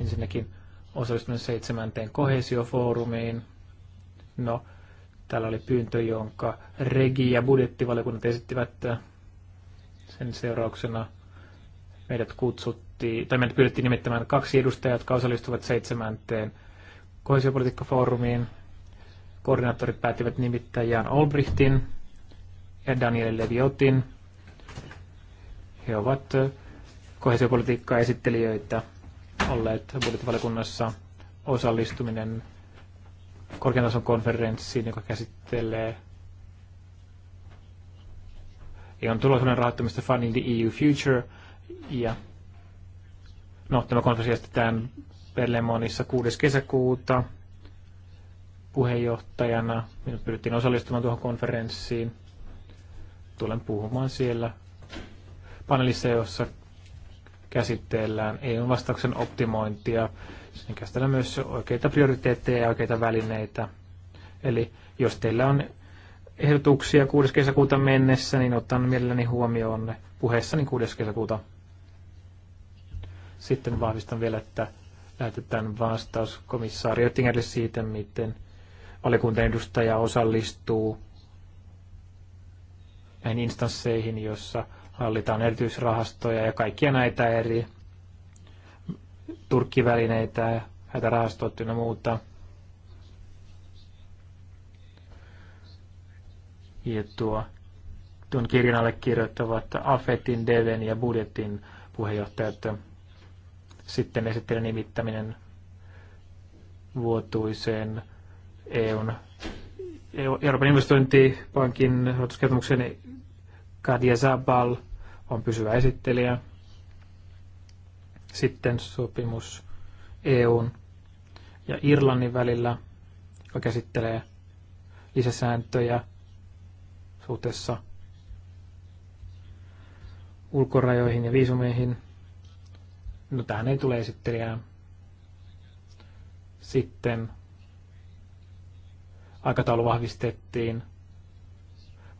Ensinnäkin osallistuminen seitsemänteen kohesiofoorumiin. No, täällä oli pyyntö, jonka regi- ja budjettivaliokunnat esittivät sen seurauksena. Meidät kutsuttiin, tai meidät pyydettiin nimittämään kaksi edustajaa, jotka osallistuvat seitsemänteen kohesiopolitiikkafoorumiin. Koordinaattorit päättivät nimittää Jan Olbrichtin ja Daniel Leviotin. He ovat kohesiopolitiikkaa esittelijöitä olleet budjettivaliokunnassa osallistuminen korkean tason konferenssiin, joka käsittelee ja e on tulosuuden rahoittamista Funding the EU Future. Ja no, tämä konferenssi järjestetään Berlemonissa 6. kesäkuuta puheenjohtajana. Minut pyrittiin osallistumaan tuohon konferenssiin. Tulen puhumaan siellä panelissa, jossa ei EUn vastauksen optimointia. Sen käsitellään myös oikeita prioriteetteja ja oikeita välineitä. Eli jos teillä on ehdotuksia 6. kesäkuuta mennessä, niin otan mielelläni huomioon ne puheessani 6. kesäkuuta. Sitten vahvistan vielä, että lähetetään vastaus komissaari Oettingerille siitä, miten valikunta edustaja osallistuu näihin instansseihin, jossa Hallitaan erityisrahastoja ja kaikkia näitä eri turkkivälineitä ja hätärahastot ja muuta. Ja tuo, tuon kirjan kirjoittavat Afetin, Deven ja Budjetin puheenjohtajat. Sitten esittelen nimittäminen vuotuiseen EUn, e Euroopan investointipankin rahoituskertomuksen Kadia Zabal – on pysyvä esittelijä. Sitten sopimus EUn ja Irlannin välillä, joka käsittelee lisäsääntöjä suhteessa ulkorajoihin ja viisumeihin. No tähän ei tule esittelijää. Sitten aikataulu vahvistettiin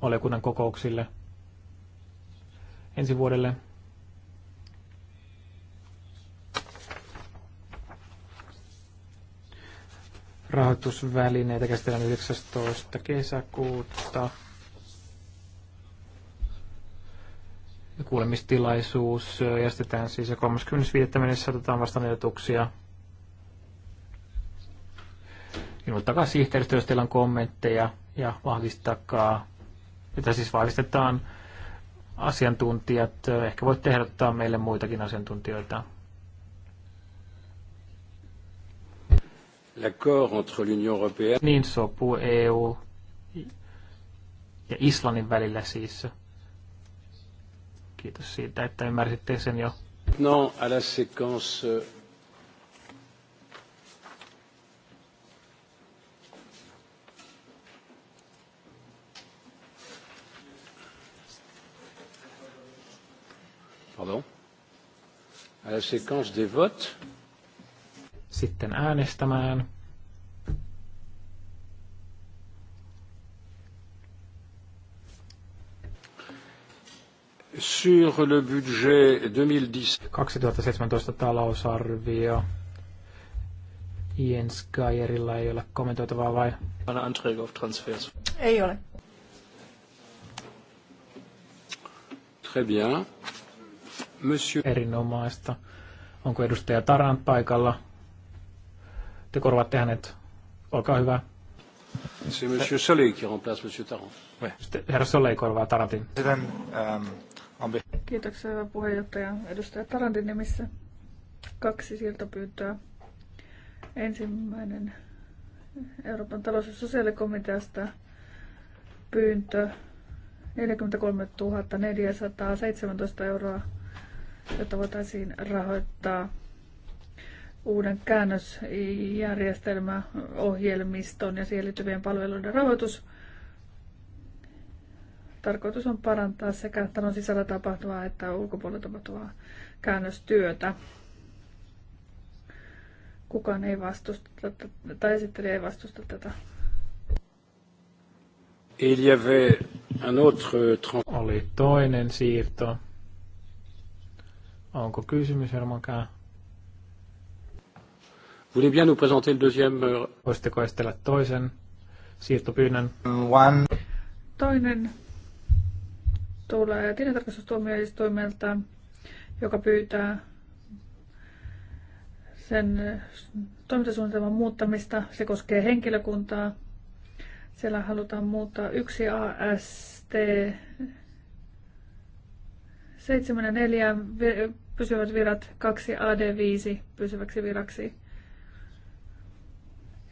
valiokunnan kokouksille – ensi vuodelle. Rahoitusvälineitä käsitellään 19. kesäkuuta. Kuulemistilaisuus järjestetään siis ja 35. mennessä otetaan vastaan ehdotuksia. Ilmoittakaa sihteeristö, jos teillä on kommentteja ja vahvistakaa, että siis vahvistetaan asiantuntijat. Ehkä voit ehdottaa meille muitakin asiantuntijoita. L'accord entre l'Union européenne... Niin sopu EU ja Islannin välillä siis. Kiitos siitä, että ymmärsitte sen jo. Non à la séquence euh, pardon, à la séquence des votes. Sitten äänestämään. Sur le budget 2010. 2017 talousarvio. Jens Geierillä ei ole kommentoitavaa vai? Anträge auf Transfers. Ei ole. Très bien. Monsieur. Erinomaista. Onko edustaja Taran paikalla? Te korvaatte hänet. Olkaa hyvä. C'est Monsieur Soleil qui remplace Monsieur Taran. Herra Soleil korvaa Tarantin. Ähm, Kiitoksia hyvä puheenjohtaja. Edustaja Tarantin nimissä kaksi siirtopyyntöä. Ensimmäinen Euroopan talous- ja sosiaalikomiteasta pyyntö 43 417 euroa jotta voitaisiin rahoittaa uuden käännösjärjestelmä, ohjelmiston ja siihen liittyvien palveluiden rahoitus. Tarkoitus on parantaa sekä talon sisällä tapahtuvaa että ulkopuolella tapahtuvaa käännöstyötä. Kukaan ei vastusta, tai esittelijä ei vastusta tätä. Il y avait un autre... Oli toinen siirto Onko kysymys Hermankaan? Voulez bien nous présenter le deuxième... Euh, Voisitteko estellä toisen siirtopyynnön? One. Toinen tulee tilintarkastustuomioistuimelta, joka pyytää sen toimintasuunnitelman muuttamista. Se koskee henkilökuntaa. Siellä halutaan muuttaa yksi AST 7 ja 4 pysyvät virat, 2 AD5 pysyväksi viraksi.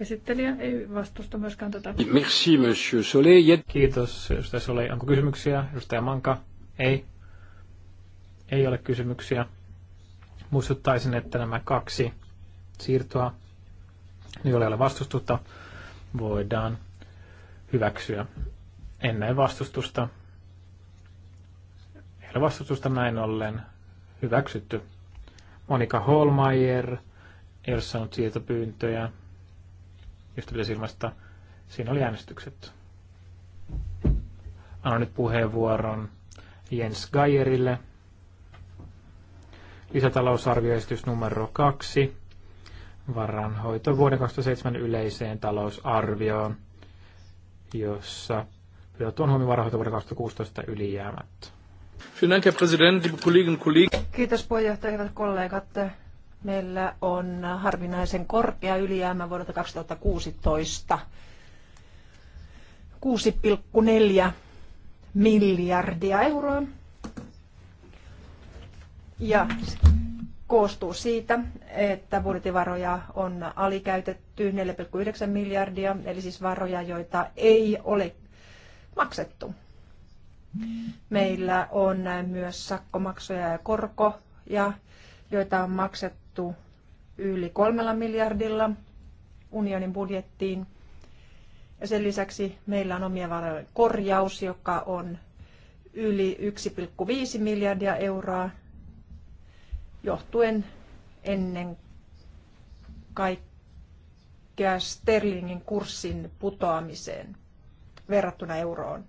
Esittelijä ei vastusta myöskään tätä. Merci, monsieur Soleil. Kiitos, edustaja Soleil. Onko kysymyksiä? Edustaja Manka? Ei. Ei ole kysymyksiä. Muistuttaisin, että nämä kaksi siirtoa, joille ei ole vastustusta, voidaan hyväksyä ennen vastustusta vastustusta näin ollen hyväksytty. Monika Holmeier ei ole saanut siirtopyyntöjä, josta pitäisi ilmaista. Siinä oli äänestykset. Annan nyt puheenvuoron Jens Geierille. Lisätalousarvioesitys numero kaksi. Varanhoito vuoden 2007 yleiseen talousarvioon, jossa on huomioon varanhoito vuoden 2016 ylijäämättä. Kiitos puheenjohtaja, hyvät kollegat. Meillä on harvinaisen korkea ylijäämä vuodelta 2016. 6,4 miljardia euroa. Ja koostuu siitä, että budjettivaroja on alikäytetty 4,9 miljardia, eli siis varoja, joita ei ole maksettu. Meillä on myös sakkomaksuja ja korkoja, joita on maksettu yli kolmella miljardilla unionin budjettiin. Ja sen lisäksi meillä on omien varojen korjaus, joka on yli 1,5 miljardia euroa, johtuen ennen kaikkea sterlingin kurssin putoamiseen verrattuna euroon.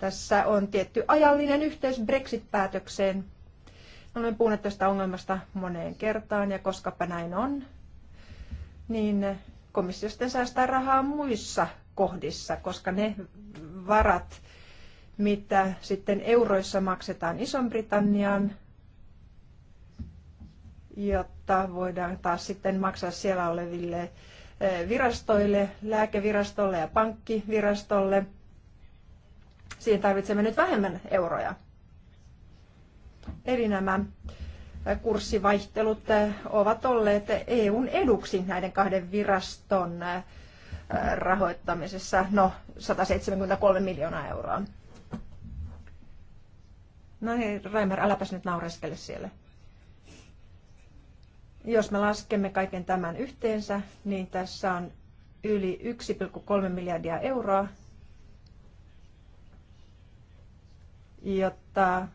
Tässä on tietty ajallinen yhteys Brexit-päätökseen. Olemme puhuneet tästä ongelmasta moneen kertaan ja koskapa näin on, niin komissio sitten säästää rahaa muissa kohdissa, koska ne varat, mitä sitten euroissa maksetaan iso britanniaan jotta voidaan taas sitten maksaa siellä oleville eh, virastoille, lääkevirastolle ja pankkivirastolle – Siihen tarvitsemme nyt vähemmän euroja. Eli nämä kurssivaihtelut ovat olleet EUn eduksi näiden kahden viraston äh, rahoittamisessa, no 173 miljoonaa euroa. No niin, Raimer, äläpäs nyt naureskele siellä. Jos me laskemme kaiken tämän yhteensä, niin tässä on yli 1,3 miljardia euroa, jotta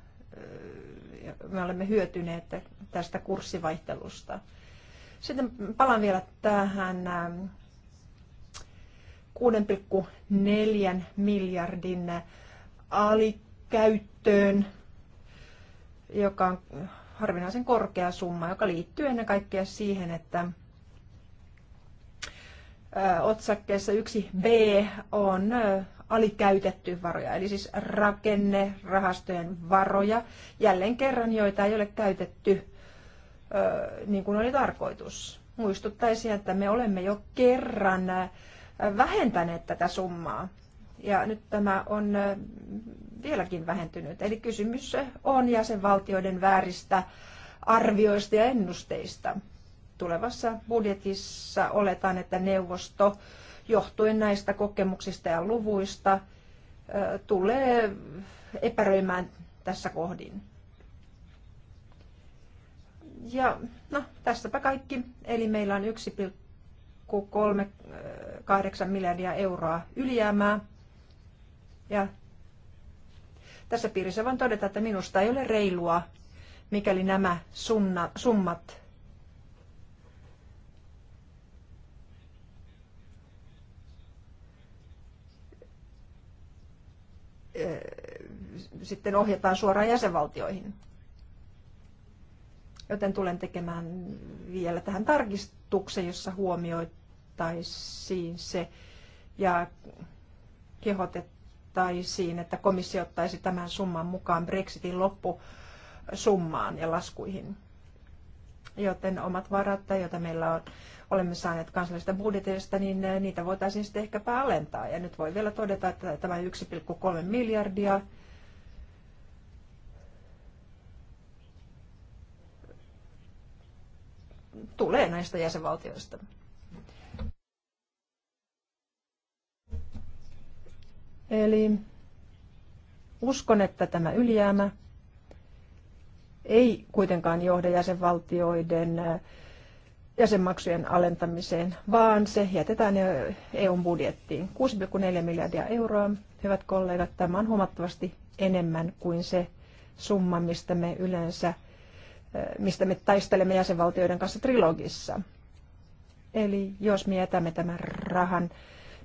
me olemme hyötyneet tästä kurssivaihtelusta. Sitten palaan vielä tähän 6,4 miljardin alikäyttöön, joka on harvinaisen korkea summa, joka liittyy ennen kaikkea siihen, että otsakkeessa 1b on alikäytetty varoja, eli siis rakennerahastojen varoja, jälleen kerran, joita ei ole käytetty niin kuin oli tarkoitus. Muistuttaisin, että me olemme jo kerran vähentäneet tätä summaa. Ja nyt tämä on vieläkin vähentynyt. Eli kysymys on jäsenvaltioiden vääristä arvioista ja ennusteista. Tulevassa budjetissa oletan, että neuvosto johtuen näistä kokemuksista ja luvuista tulee epäröimään tässä kohdin. Ja no, tässäpä kaikki. Eli meillä on 1,38 miljardia euroa ylijäämää. Ja tässä piirissä voin todeta, että minusta ei ole reilua, mikäli nämä summat Eh, sitten ohjataan suoraan jäsenvaltioihin. Joten tulen tekemään vielä tähän tarkistuksen, jossa huomioitaisiin se ja kehotettaisiin, että komissio ottaisi tämän summan mukaan Brexitin loppusummaan ja laskuihin. Joten omat varat, joita meillä on olemme saaneet kansallisista budjeteista, niin eh, niitä voitaisiin sitten ehkäpä alentaa. Ja nyt voi vielä todeta, että tämä 1,3 miljardia tulee näistä jäsenvaltioista. Eli uskon, että tämä ylijäämä ei kuitenkaan johda jäsenvaltioiden eh, jäsenmaksujen alentamiseen, vaan se jätetään EUn budjettiin. 6,4 miljardia euroa, hyvät kollegat, tämä on huomattavasti enemmän kuin se summa, mistä me yleensä eh, mistä me taistelemme jäsenvaltioiden kanssa trilogissa. Eli jos me jätämme tämän rahan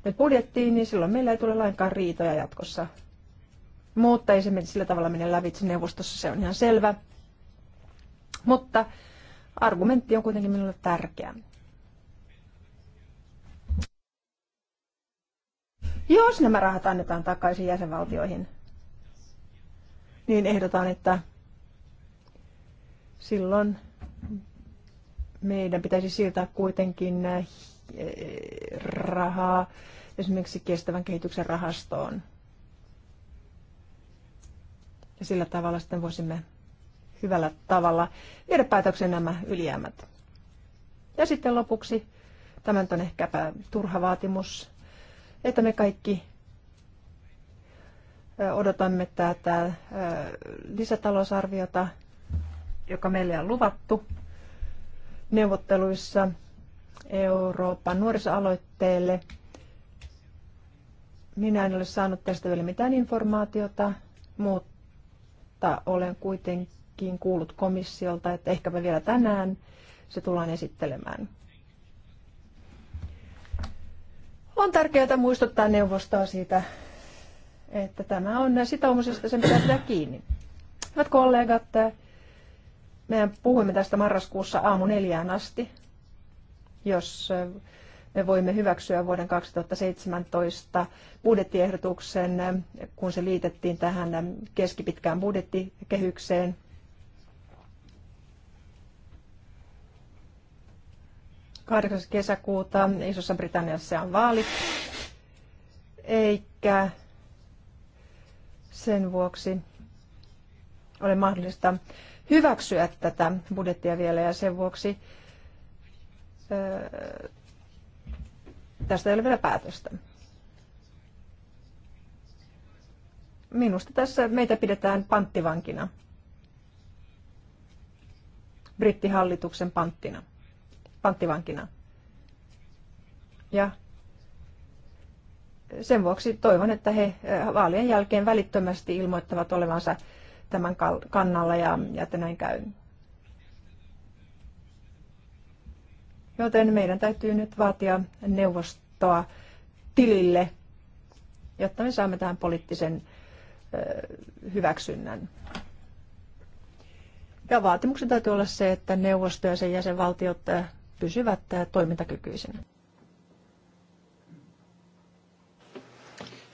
nyt budjettiin, niin silloin meillä ei tule lainkaan riitoja jatkossa. Mutta ei se sillä tavalla mene lävitse neuvostossa, se on ihan selvä. Mutta argumentti on kuitenkin minulle tärkeä. Jos nämä rahat annetaan takaisin jäsenvaltioihin, niin ehdotan, että silloin meidän pitäisi siirtää kuitenkin eh, rahaa esimerkiksi kestävän kehityksen rahastoon. Ja sillä tavalla sitten voisimme hyvällä tavalla viedä päätöksen nämä ylijäämät. Ja sitten lopuksi, tämän on ehkäpä turha vaatimus, että me kaikki odotamme tätä lisätalousarviota, joka meille on luvattu neuvotteluissa Euroopan nuorisoaloitteelle. Minä en ole saanut tästä vielä mitään informaatiota, mutta olen kuitenkin hetkiin kuullut komissiolta, että ehkäpä vielä tänään se tullaan esittelemään. On tärkeää muistuttaa neuvostoa siitä, että tämä on sitoumusesta, sen pitää pitää kiinni. Hyvät kollegat, me puhuimme tästä marraskuussa aamu neljään asti, jos me voimme hyväksyä vuoden 2017 budjettiehdotuksen, kun se liitettiin tähän keskipitkään budjettikehykseen. 8. kesäkuuta Isossa Britanniassa on vaalit, eikä sen vuoksi ole mahdollista hyväksyä tätä budjettia vielä ja sen vuoksi öö, tästä ei ole vielä päätöstä. Minusta tässä meitä pidetään panttivankina, brittihallituksen panttina panttivankina. Ja sen vuoksi toivon, että he äh, vaalien jälkeen välittömästi ilmoittavat olevansa tämän kannalla ja, ja että näin käy. Joten meidän täytyy nyt vaatia neuvostoa tilille, jotta me saamme tähän poliittisen äh, hyväksynnän. Ja vaatimuksen täytyy olla se, että neuvosto ja sen jäsenvaltiot äh, pysyvät äh, toimintakykyisinä.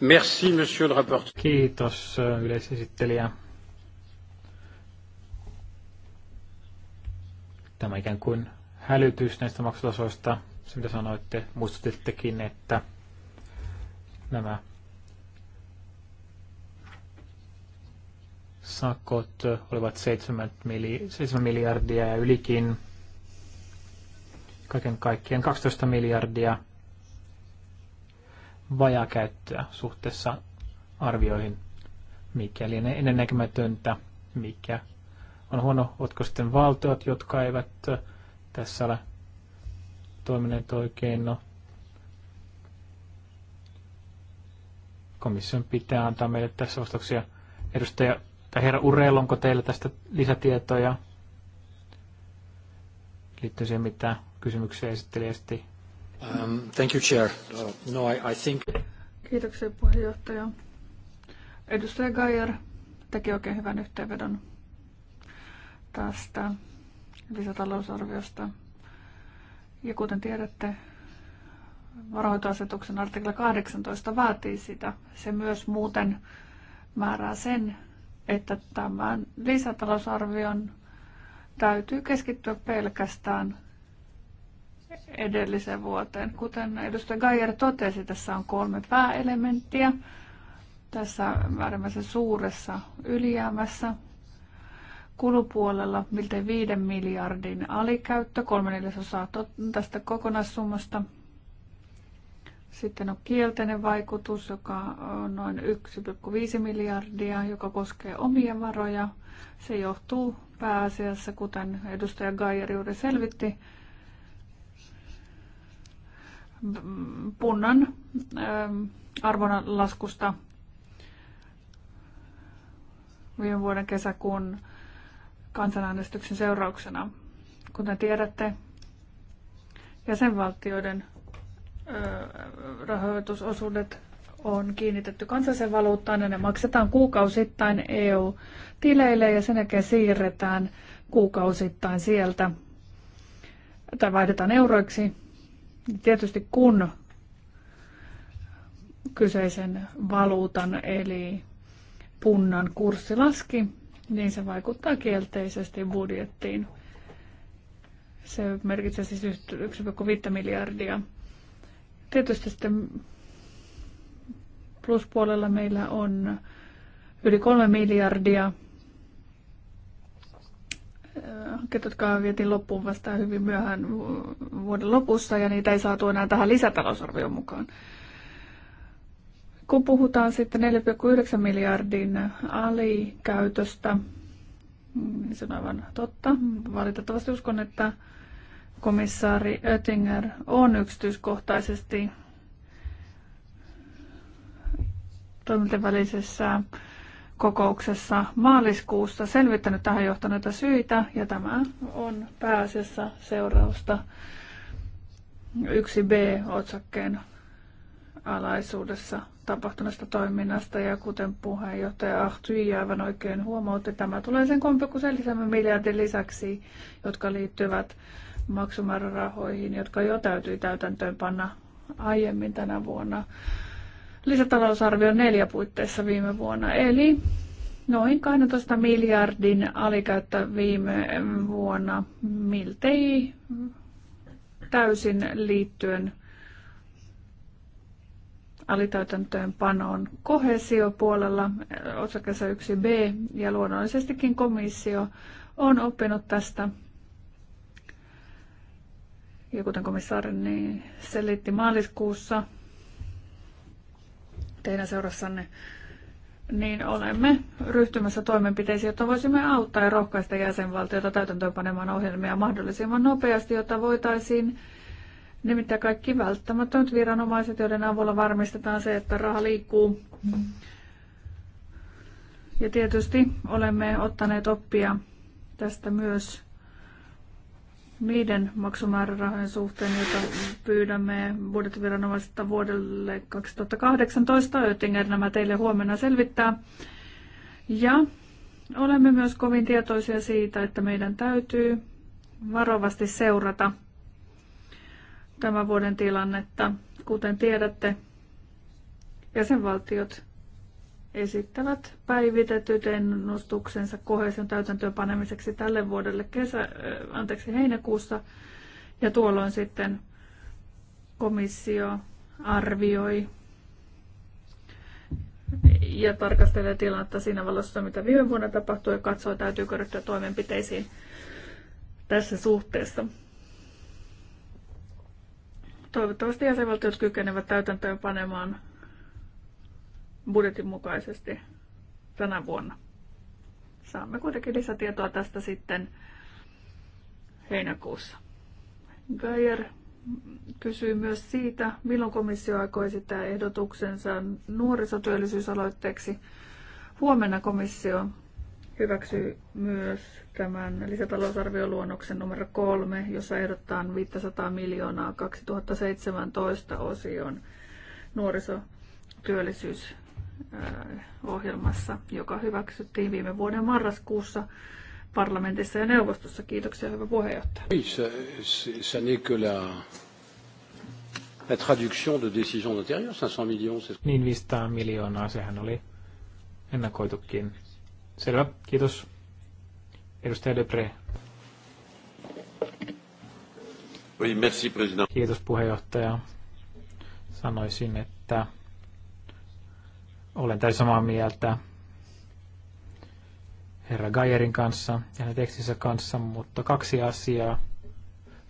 Merci, monsieur le rapporteur. Kiitos äh, yleisesittelijä. Tämä ikään kuin hälytys näistä maksutasoista, se mitä sanoitte, muistutittekin, että nämä sakot äh, olivat 7, miljardia ja ylikin kaiken kaikkiaan 12 miljardia vajakäyttöä suhteessa arvioihin, mikä lienee ennennäkemätöntä, mikä on huono, otko sitten valtiot, jotka eivät tässä ole toimineet oikein, no komission pitää antaa meille tässä vastauksia. Edustaja tai herra Urel, onko teillä tästä lisätietoja liittyen siihen, mitä kysymyksiä esittelijästi. Um, thank you, Chair. Uh, no, I, I think... Kiitoksia puheenjohtaja. Edustaja Gajer teki oikein hyvän yhteenvedon tästä lisätalousarviosta. Ja kuten tiedätte, varoitusasetuksen artikla 18 vaatii sitä. Se myös muuten määrää sen, että tämän lisätalousarvion täytyy keskittyä pelkästään edelliseen vuoteen. Kuten edustaja Geier totesi, tässä on kolme pääelementtiä tässä äärimmäisen suuressa ylijäämässä. Kulupuolella miltei 5 miljardin alikäyttö, kolme neljäsosaa tästä kokonaissummasta. Sitten on kielteinen vaikutus, joka on noin 1,5 miljardia, joka koskee omia varoja. Se johtuu pääasiassa, kuten edustaja Gaier juuri selvitti, punnan ähm, arvonlaskusta viime vuoden kesäkuun kansanäänestyksen seurauksena. Kuten tiedätte, jäsenvaltioiden rahoitusosuudet on kiinnitetty kansallisen valuuttaan ja ne maksetaan kuukausittain EU-tileille ja sen jälkeen siirretään kuukausittain sieltä tai vaihdetaan euroiksi Tietysti kun kyseisen valuutan eli punnan kurssi laski, niin se vaikuttaa kielteisesti budjettiin. Se merkitsee siis 1,5 miljardia. Tietysti sitten pluspuolella meillä on yli 3 miljardia hankkeet, jotka vietiin loppuun vasta hyvin myöhään vuoden lopussa ja niitä ei saatu enää tähän lisätalousarvion mukaan. Kun puhutaan sitten 4,9 miljardin alikäytöstä, niin se on aivan totta. Valitettavasti uskon, että komissaari Oettinger on yksityiskohtaisesti toimintavälisessä välisessä kokouksessa maaliskuussa selvittänyt tähän johtaneita syitä, ja tämä on pääasiassa seurausta 1b-otsakkeen alaisuudessa tapahtuneesta toiminnasta ja kuten puheenjohtaja Ahtui aivan oikein huomautti, tämä tulee sen 3,7 miljardin lisäksi, jotka liittyvät maksumäärärahoihin, jotka jo täytyy panna aiemmin tänä vuonna lisätalousarvion neljä puitteissa viime vuonna, eli noin 12 miljardin alikäyttä viime vuonna miltei täysin liittyen panoon kohesiopuolella osakkeessa 1b ja luonnollisestikin komissio on oppinut tästä. Ja kuten komissaari niin selitti maaliskuussa, teidän seurassanne, niin olemme ryhtymässä toimenpiteisiin, jotta voisimme auttaa ja rohkaista jäsenvaltiota täytäntöönpanemaan ohjelmia mahdollisimman nopeasti, jotta voitaisiin nimittäin kaikki välttämättömät viranomaiset, joiden avulla varmistetaan se, että raha liikkuu. Ja tietysti olemme ottaneet oppia tästä myös niiden maksumäärärahojen suhteen, joita pyydämme budjettiviranomaisilta vuodelle 2018. Oettinger nämä teille huomenna selvittää. Ja olemme myös kovin tietoisia siitä, että meidän täytyy varovasti seurata tämän vuoden tilannetta. Kuten tiedätte, jäsenvaltiot esittävät päivitetyt ennustuksensa kohesion täytäntöönpanemiseksi tälle vuodelle kesä, äh, anteeksi, heinäkuussa. Ja tuolloin sitten komissio arvioi ja tarkastelee tilannetta siinä valossa, mitä viime vuonna tapahtui ja katsoo, täytyykö ryhtyä toimenpiteisiin tässä suhteessa. Toivottavasti jäsenvaltiot kykenevät täytäntöön panemaan budjetin mukaisesti tänä vuonna. Saamme kuitenkin lisätietoa tästä sitten heinäkuussa. Geyer kysyi myös siitä, milloin komissio aikoo esittää ehdotuksensa nuorisotyöllisyysaloitteeksi. Huomenna komissio hyväksyy myös tämän lisätalousarvioluonnoksen numero kolme, jossa ehdottaa 500 miljoonaa 2017 osion nuorisotyöllisyys ohjelmassa, joka hyväksyttiin viime vuoden marraskuussa parlamentissa ja neuvostossa. Kiitoksia, hyvä puheenjohtaja. Oui, ça, n'est que la, la traduction de décision d'intérieur, 500 millions. Niin 500 miljoonaa, sehän oli ennakoitukin. Selvä, kiitos. Edustaja Depre. Oui, merci, président. Kiitos puheenjohtaja. Sanoisin, että olen täysin samaa mieltä herra Gajerin kanssa ja hänen tekstinsä kanssa, mutta kaksi asiaa.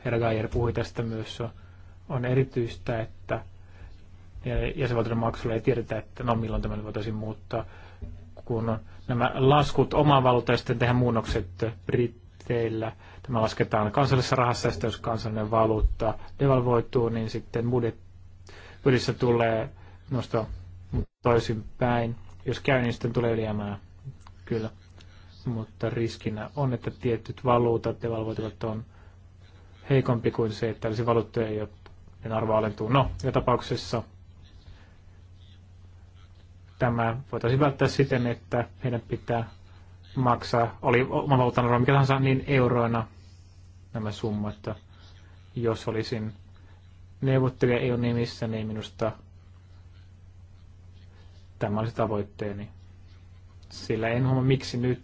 Herra Gajer puhui tästä myös. On erityistä, että jäsenvaltioiden maksulla ei tiedetä, että no milloin tämä voitaisiin muuttaa, kun on nämä laskut valuutta ja sitten tehdään muunnokset britteillä, Tämä lasketaan kansallisessa rahassa ja sitten jos kansallinen valuutta devalvoituu, niin sitten budjetissa tulee nosto toisinpäin. Jos käy, niin sitten tulee ylijäämää, kyllä. Mutta riskinä on, että tietyt valuutat ja valvoitavat on heikompi kuin se, että olisi valuuttoja, joiden arvo alentuu. No, ja tapauksessa tämä voitaisiin välttää siten, että heidän pitää maksaa, oli oma valuutan mikä tahansa, niin euroina nämä summat. Jos olisin neuvottelija EU-nimissä, niin minusta Tämä oli se tavoitteeni. Sillä en huomaa, miksi nyt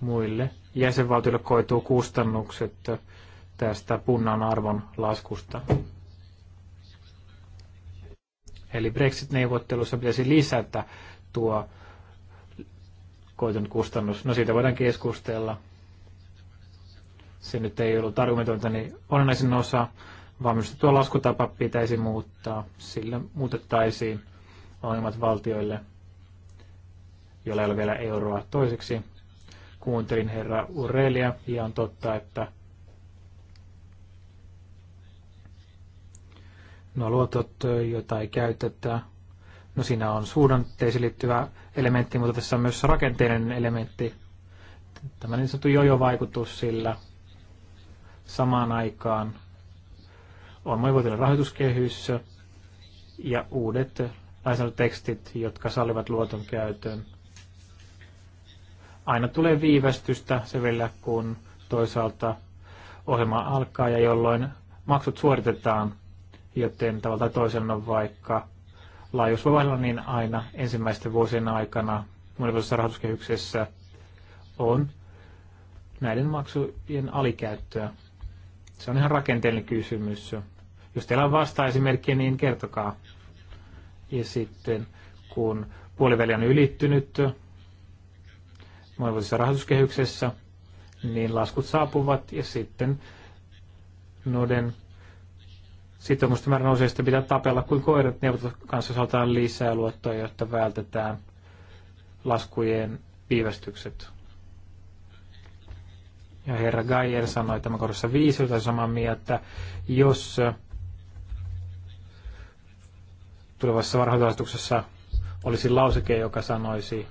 muille jäsenvaltioille koituu kustannukset tästä punnan arvon laskusta. Eli Brexit-neuvottelussa pitäisi lisätä tuo koitun kustannus. No siitä voidaan keskustella. Se nyt ei ollut argumentointa, niin onnaisin osa vaan tuo laskutapa pitäisi muuttaa. Sillä muutettaisiin ongelmat valtioille, joilla ei ole vielä euroa toiseksi. Kuuntelin herra Urelia ja on totta, että no luotot, joita ei käytetä, no siinä on suhdanteisiin liittyvä elementti, mutta tässä on myös rakenteinen elementti, tämä niin sanottu jojo-vaikutus sillä samaan aikaan – on monivuotinen rahoituskehys ja uudet lainsäädäntötekstit, jotka sallivat luoton käytön. Aina tulee viivästystä se vielä, kun toisaalta ohjelma alkaa ja jolloin maksut suoritetaan, joten tavallaan toisen on vaikka laajuus voi vaihdella, niin aina ensimmäisten vuosien aikana monivuotisessa rahoituskehyksessä on näiden maksujen alikäyttöä. Se on ihan rakenteellinen kysymys. Jos teillä on vastaesimerkkiä, niin kertokaa. Ja sitten kun puoliväli on ylittynyt monivuotisessa rahoituskehyksessä, niin laskut saapuvat ja sitten noiden sitoumusten määrä nousee, sitä pitää tapella kuin koirat neuvotot kanssa saadaan lisää luottoa, jotta vältetään laskujen viivästykset. Ja herra Geyer sanoi tämän kohdassa viisi, jota samaa mieltä, jos tulevassa varhaisalastuksessa olisi lauseke, joka sanoisi,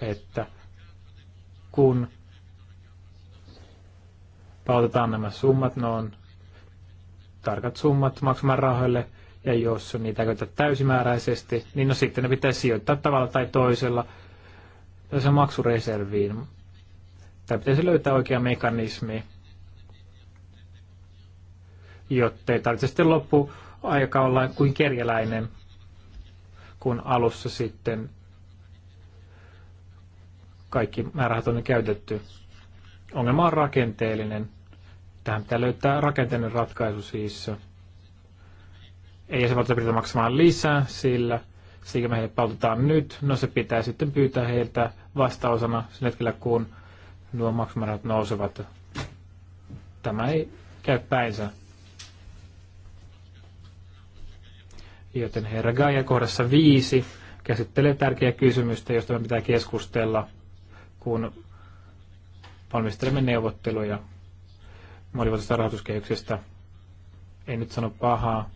että kun palautetaan nämä summat, ne on tarkat summat maksamaan rahoille, ja jos niitä käytetään täysimääräisesti, niin no sitten ne pitäisi sijoittaa tavalla tai toisella tässä maksureserviin. Tai pitäisi löytää oikea mekanismi, jotta ei tarvitse sitten loppuaika olla kuin kerjäläinen kun alussa sitten kaikki määrärahat on käytetty. Ongelma on rakenteellinen. Tähän pitää löytää rakenteellinen ratkaisu siis. Ei jäsenvaltio pitää maksamaan lisää sillä, sikä me heille palautetaan nyt. No se pitää sitten pyytää heiltä vastausana sen hetkellä, kun nuo maksumäärät nousevat. Tämä ei käy päinsä. Joten herra Gaia kohdassa viisi käsittelee tärkeää kysymystä, josta me pitää keskustella, kun valmistelemme neuvotteluja monivuotisesta rahoituskehyksestä. En nyt sano pahaa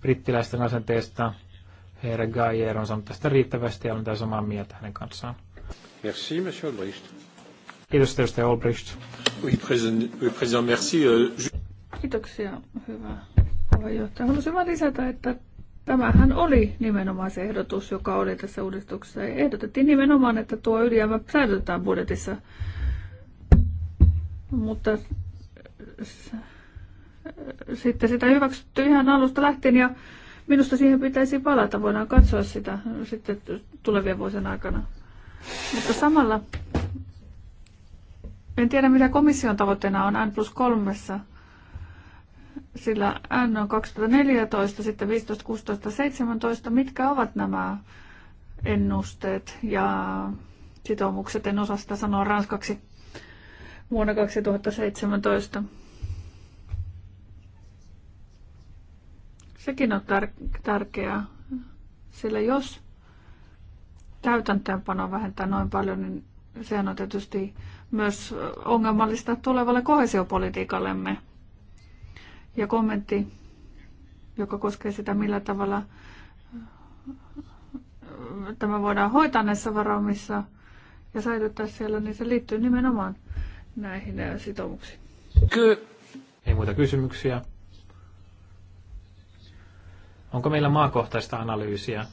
brittiläisten asenteesta. Herra Gaier on sanonut tästä riittävästi ja olen täysin samaa mieltä hänen kanssaan. Merci, monsieur Albrecht. Kiitos, edustaja Olbricht. Oui, président, oui, président, merci. Euh, Kiitoksia, hyvä puheenjohtaja. Haluaisin vain lisätä, että tämähän oli nimenomaan se ehdotus, joka oli tässä uudistuksessa. Ehdotettiin nimenomaan, että tuo ylijäämä säilytetään budjetissa. Mutta sitten sitä hyväksytty ihan alusta lähtien ja minusta siihen pitäisi palata. Voidaan katsoa sitä sitten tulevien vuosien aikana. Mutta samalla en tiedä, mitä komission tavoitteena on N plus kolmessa sillä N on 2014, sitten 15, 16, 17. Mitkä ovat nämä ennusteet ja sitoumukset? En osaa sitä sanoa ranskaksi vuonna 2017. Sekin on tär- tärkeää, sillä jos täytäntöönpano vähentää noin paljon, niin sehän on tietysti myös ongelmallista tulevalle kohesiopolitiikallemme – ja kommentti, joka koskee sitä, millä tavalla äh, tämä voidaan hoitaa näissä varaumissa ja säilyttää siellä, niin se liittyy nimenomaan näihin äh, sitoumuksiin. Ky- Ei muita kysymyksiä. Onko meillä maakohtaista analyysiä,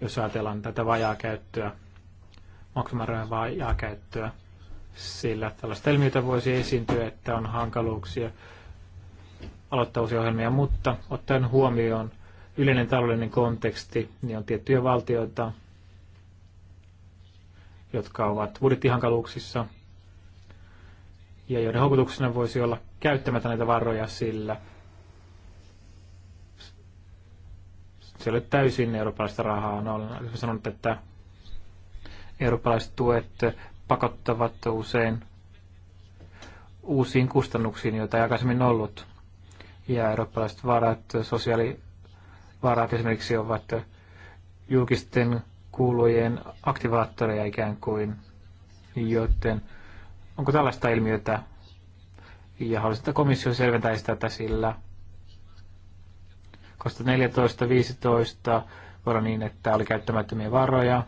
jos ajatellaan tätä vajaa käyttöä, maksumäärän vajaa käyttöä, sillä tällaista ilmiötä voisi esiintyä, että on hankaluuksia aloittaa uusia ohjelmia, mutta ottaen huomioon yleinen taloudellinen konteksti, niin on tiettyjä valtioita, jotka ovat budjettihankaluuksissa ja joiden houkutuksena voisi olla käyttämättä näitä varoja sillä. Se oli täysin eurooppalaista rahaa. No, olen sanonut, että eurooppalaiset tuet pakottavat usein uusiin kustannuksiin, joita ei aikaisemmin ollut ja eurooppalaiset varat, sosiaalivarat esimerkiksi ovat julkisten kuulujen aktivaattoreja ikään kuin, joten onko tällaista ilmiötä ja haluaisin, että komissio selventäisi tätä sillä 2014-2015 vuonna niin, että oli käyttämättömiä varoja,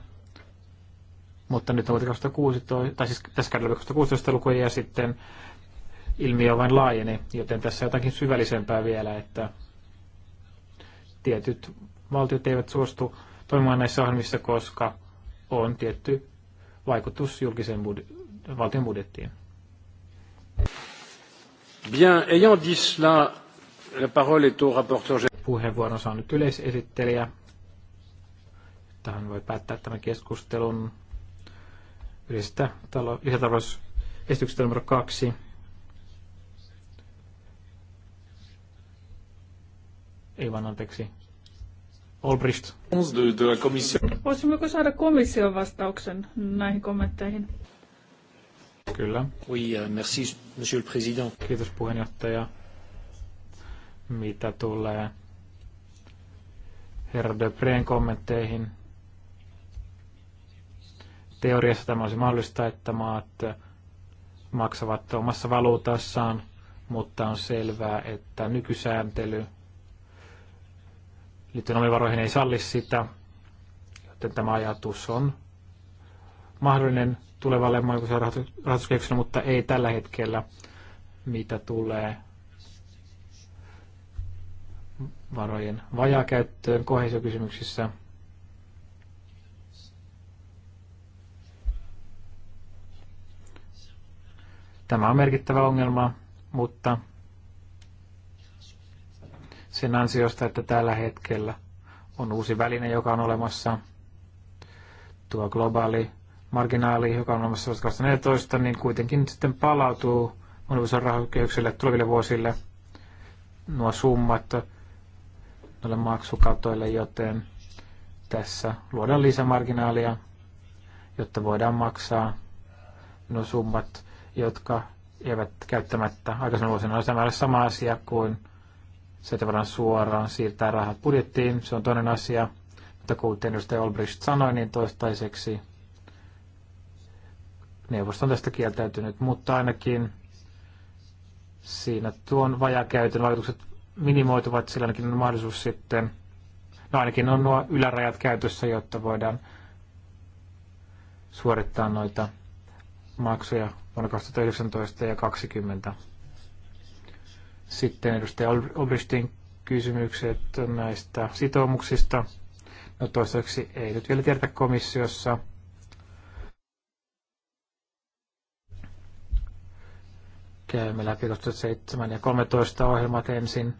mutta nyt on 2016, tai siis tässä käydään 2016 lukuja ja sitten ilmiö vain laajeni, joten tässä jotakin syvällisempää vielä, että tietyt valtiot eivät suostu toimimaan näissä ohjelmissa, koska on tietty vaikutus julkiseen bud- valtion budjettiin. Bien, ayant dit cela, la parole est au rapporteur. Puheenvuoron saa nyt yleisesittelijä. Tähän voi päättää tämän keskustelun yleisestä lisätalousesityksestä numero kaksi. Ei vaan anteeksi. Olbricht. Voisimmeko saada komission vastauksen näihin kommentteihin? Kyllä. Oui, euh, merci, monsieur le président. Kiitos puheenjohtaja. Mitä tulee herra Depreen kommentteihin, teoriassa tämä olisi mahdollista, että maat maksavat omassa valuutassaan, mutta on selvää, että nykysääntely liittyen omivaroihin ei salli sitä, joten tämä ajatus on mahdollinen tulevalle maailman rahoituskehykselle, mutta ei tällä hetkellä, mitä tulee varojen vajakäyttöön kohesiokysymyksissä. Tämä on merkittävä ongelma, mutta sen ansiosta, että tällä hetkellä on uusi väline, joka on olemassa, tuo globaali marginaali, joka on olemassa 2014, niin kuitenkin sitten palautuu monivuotisen rahoituskehykselle tuleville vuosille nuo summat noille maksukatoille, joten tässä luodaan lisämarginaalia, jotta voidaan maksaa nuo summat, jotka eivät käyttämättä aikaisemmin vuosina. ole on sama asia kuin se, että voidaan suoraan siirtää rahat budjettiin, se on toinen asia. Mutta kuten edustaja Olbricht sanoi, niin toistaiseksi neuvosto on tästä kieltäytynyt, mutta ainakin siinä tuon vajakäytön vaikutukset minimoituvat, sillä ainakin on mahdollisuus sitten, no ainakin on nuo ylärajat käytössä, jotta voidaan suorittaa noita maksuja vuonna 2019 ja 2020. Sitten edustaja Obristin kysymykset näistä sitoumuksista. No toistaiseksi ei nyt vielä tiedetä komissiossa. Käymme läpi 2007 ja 13 ohjelmat ensin.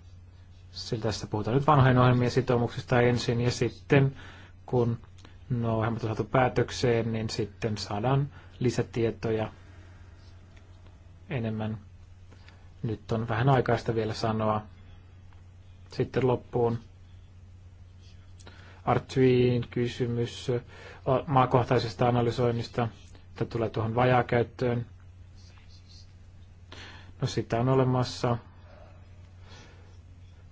Sillä tässä puhutaan nyt vanhojen ohjelmien sitoumuksista ensin ja sitten kun nuo ohjelmat on saatu päätökseen, niin sitten saadaan lisätietoja enemmän nyt on vähän aikaista vielä sanoa. Sitten loppuun Artuin kysymys maakohtaisesta analysoinnista, että tulee tuohon vajaakäyttöön. No sitä on olemassa.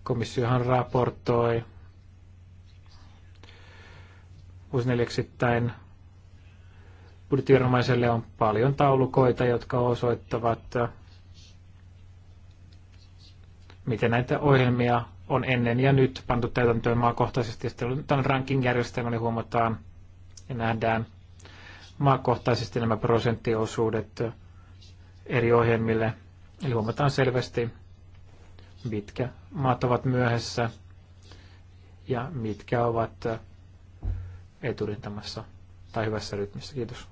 Komissiohan raportoi uusneljäksittäin budjettiviranomaiselle on paljon taulukoita, jotka osoittavat miten näitä ohjelmia on ennen ja nyt pantu täytäntöön maakohtaisesti. Sitten tämän ranking-järjestelmä, niin huomataan ja nähdään maakohtaisesti nämä prosenttiosuudet eri ohjelmille. Eli huomataan selvästi, mitkä maat ovat myöhässä ja mitkä ovat eturintamassa tai hyvässä rytmissä. Kiitos.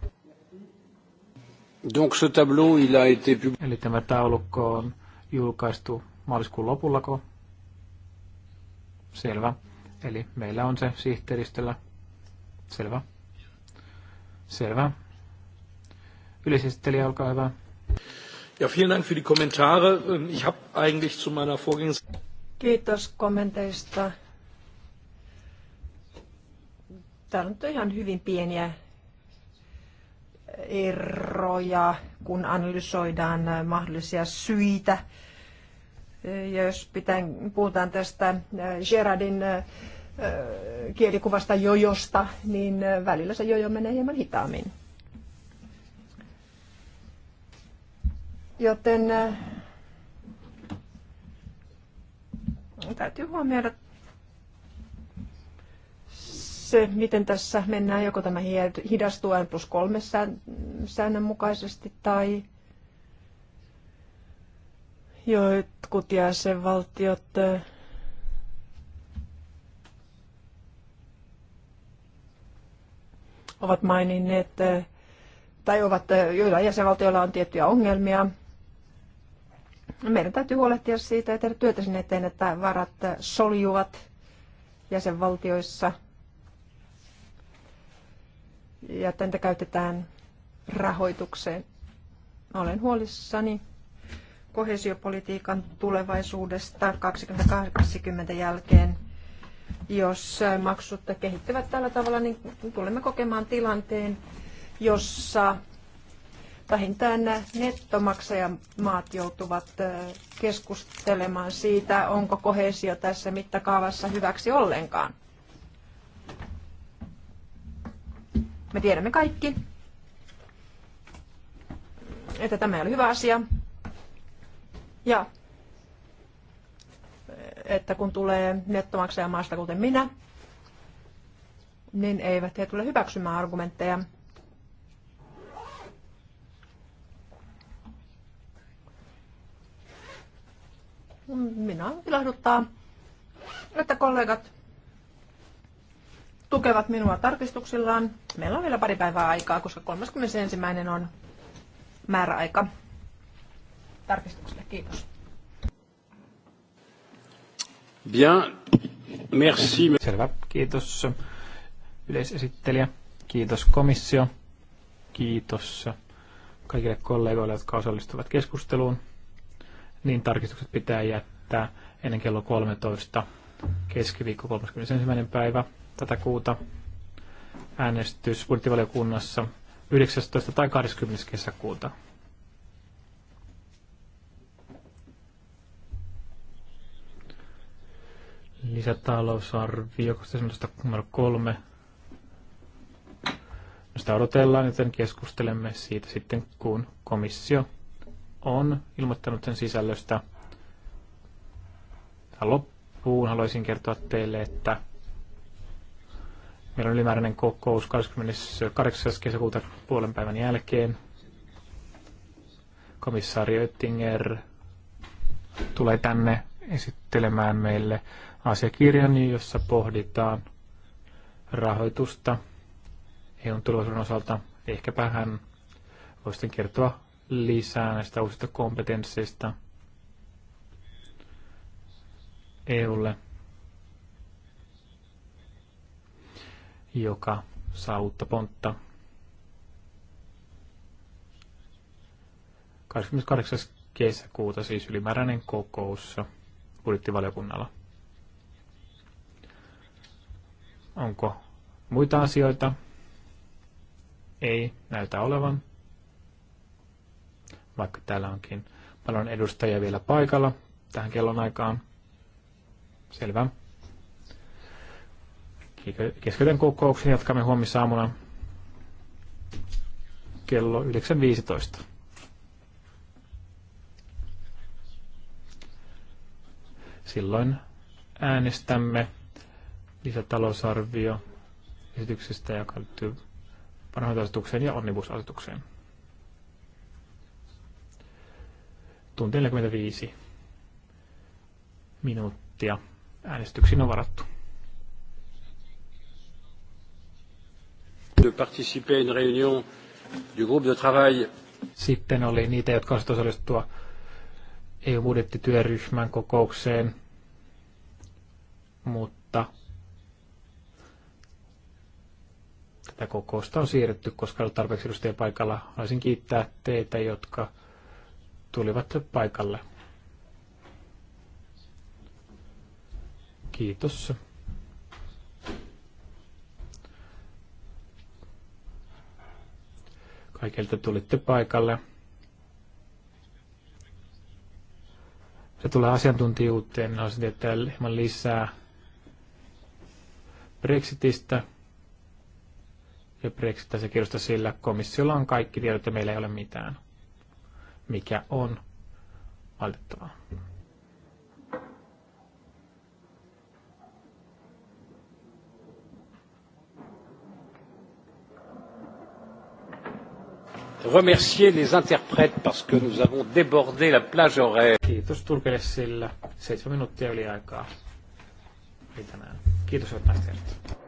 Donc ce tableau, il a été... Eli tämä taulukko on julkaistu Maaliskuun lopullako? Selvä. Eli meillä on se sihteeristöllä. Selvä. Selvä. Yleisesittelijä, olkaa hyvä. Ja vielen Dank für die Kommentare. Ich habe eigentlich zu meiner Vorgängers... Kiitos kommenteista. Täällä on ihan hyvin pieniä eroja, kun analysoidaan mahdollisia syitä ja jos pitää, puhutaan tästä äh, Gerardin äh, kielikuvasta jojosta, niin äh, välillä se jojo menee hieman hitaammin. Joten täytyy huomioida se, miten tässä mennään, joko tämä hidastuu plus kolmessa säännönmukaisesti mukaisesti tai Jotkut jäsenvaltiot ovat maininneet, tai ovat, joilla jäsenvaltioilla on tiettyjä ongelmia. Meidän täytyy huolehtia siitä ja tehdä työtä sinne eteen, että varat soljuvat jäsenvaltioissa ja tätä käytetään rahoitukseen. Olen huolissani kohesiopolitiikan tulevaisuudesta 2020 jälkeen. Jos maksut kehittyvät tällä tavalla, niin tulemme kokemaan tilanteen, jossa vähintään nettomaksajamaat joutuvat keskustelemaan siitä, onko kohesio tässä mittakaavassa hyväksi ollenkaan. Me tiedämme kaikki, että tämä ei ole hyvä asia, ja että kun tulee nettomaksajamaasta, kuten minä, niin eivät he tule hyväksymään argumentteja. Minä ilahduttaa, että kollegat tukevat minua tarkistuksillaan. Meillä on vielä pari päivää aikaa, koska 31. on määräaika tarkistuksille. Kiitos. Bien. Merci. Selvä. Kiitos yleisesittelijä. Kiitos komissio. Kiitos kaikille kollegoille, jotka osallistuvat keskusteluun. Niin tarkistukset pitää jättää ennen kello 13 keskiviikko 31. päivä tätä kuuta äänestys budjettivaliokunnassa 19. tai 20. kesäkuuta. lisätalousarvio, koska numero kolme. No sitä odotellaan, joten keskustelemme siitä sitten, kun komissio on ilmoittanut sen sisällöstä. Tähän loppuun haluaisin kertoa teille, että meillä on ylimääräinen kokous 28. kesäkuuta puolen päivän jälkeen. Komissaari Oettinger tulee tänne esittelemään meille asiakirjan, jossa pohditaan rahoitusta EUn tulosuuden osalta. Ehkäpä hän voisi kertoa lisää näistä uusista kompetensseista EUlle, joka saa uutta pontta. 28. kesäkuuta siis ylimääräinen kokous budjettivaliokunnalla. Onko muita asioita? Ei näytä olevan. Vaikka täällä onkin paljon edustajia vielä paikalla tähän kellon aikaan. Selvä. Keskeytän kokouksen, jatkamme huomisaamuna kello 9.15. Silloin äänestämme lisätalousarvio esityksestä, joka liittyy vanhoitusasetukseen ja onnibusasetukseen. Tunti 45 minuuttia äänestyksiin on varattu. De participer à une réunion du groupe de travail. Sitten oli niitä, jotka olisivat osallistua EU-budjettityöryhmän kokoukseen, mutta Tätä kokousta on siirretty, koska ei ollut tarpeeksi edustajia paikalla. Haluaisin kiittää teitä, jotka tulivat paikalle. Kiitos. Kaikilta tulitte paikalle. Se tulee asiantuntijuuteen, olisin tietää hieman lisää Brexitistä ja Brexit tässä kirjoista sillä komissiolla on kaikki tiedot ja meillä ei ole mitään, mikä on valitettavaa. remercier les interprètes parce que nous avons débordé la plage horaire. Kiitos tulkille sillä. Seitsemän minuuttia yli aikaa. Kiitos, että näistä.